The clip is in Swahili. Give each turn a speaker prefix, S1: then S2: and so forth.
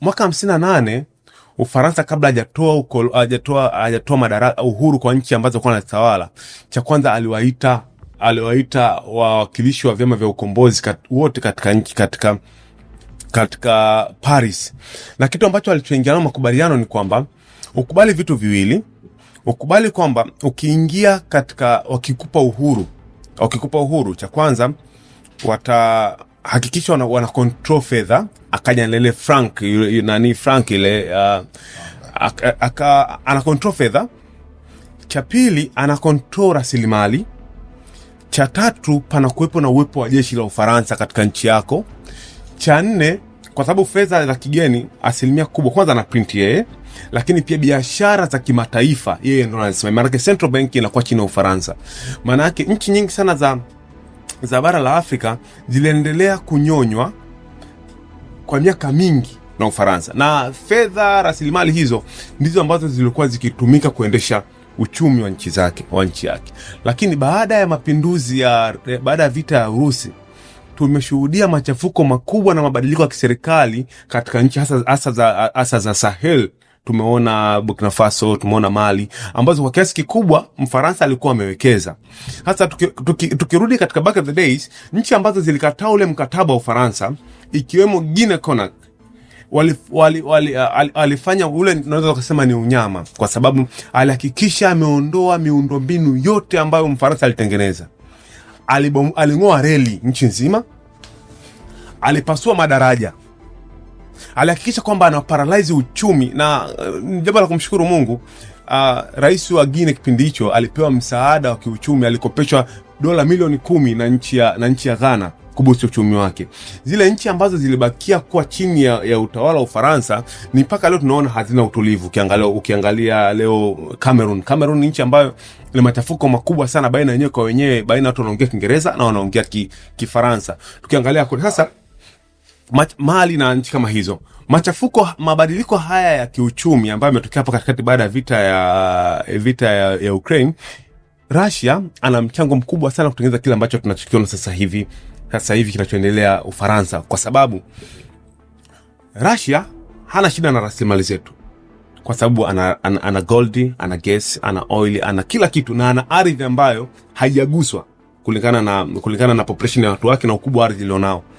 S1: mwaka hamsini na nane Ufaransa kabla ajatoa ajatoa madaraka uhuru kwa nchi ambazo kwa anatawala, cha kwanza aliwaita aliwaita wawakilishi wa vyama vya ukombozi kat, wote katika nchi katika katika Paris, na kitu ambacho alichoingia nao makubaliano ni kwamba ukubali vitu viwili, ukubali kwamba ukiingia katika, wakikupa uhuru wakikupa uhuru, cha kwanza wata hakikisha wana, wana control fedha. Akaja nilele Frank nani Frank ile uh, aka, ana control fedha. Cha pili ana control rasilimali. Cha tatu pana panakuwepo na uwepo wa jeshi la Ufaransa katika nchi yako. Cha nne kwa sababu fedha za kigeni asilimia kubwa kwanza na print yeye, lakini pia biashara za kimataifa yeye ndo anasimamia, maanake central bank inakuwa chini ya Ufaransa. Maanake nchi nyingi sana za za bara la Afrika ziliendelea kunyonywa kwa miaka mingi na Ufaransa, na fedha, rasilimali hizo ndizo ambazo zilikuwa zikitumika kuendesha uchumi wa nchi zake wa nchi yake. Lakini baada ya mapinduzi ya baada ya vita ya Urusi tumeshuhudia machafuko makubwa na mabadiliko ya kiserikali katika nchi hasa, hasa, za, hasa za Sahel tumeona Burkina Faso, tumeona Mali ambazo kwa kiasi kikubwa Mfaransa alikuwa amewekeza. Hasa tukirudi tuki, tuki katika back of the days, nchi ambazo zilikataa ule mkataba wa Ufaransa ikiwemo Guinea Conakry walifanya wali, wali, wali ule naweza kusema ni unyama, kwa sababu alihakikisha ameondoa miundombinu yote ambayo Mfaransa alitengeneza. Aling'oa reli nchi nzima, alipasua madaraja alihakikisha kwamba anaparalaizi uchumi na uh, jambo la kumshukuru Mungu. Uh, rais wa Guinea kipindi hicho alipewa msaada wa kiuchumi, alikopeshwa dola milioni kumi na nchi ya, na nchi ya Ghana kubusi uchumi wake. Zile nchi ambazo zilibakia kuwa chini ya, ya utawala wa Ufaransa ni mpaka leo tunaona hazina utulivu. Ukiangalia, ukiangalia leo Cameroon, Cameroon ni nchi ambayo ni machafuko makubwa sana baina yenyewe kwa wenyewe, baina ya watu wanaongea Kiingereza na wanaongea Kifaransa ki tukiangalia sasa mali na nchi kama hizo. Machafuko, mabadiliko haya ya kiuchumi ambayo ametokea hapo katikati baada ya vita ya eh, vita ya, ya Ukraine, Russia ana mchango mkubwa sana kutengeneza kile ambacho tunachokiona sasa hivi, sasa hivi kinachoendelea Ufaransa, kwa sababu Russia hana shida na rasilimali zetu kwa sababu ana, ana, ana gold ana gas, ana oil, ana kila kitu na ana ardhi ambayo haijaguswa kulingana na, kulingana na population ya watu wake na ukubwa wa ardhi ilionao.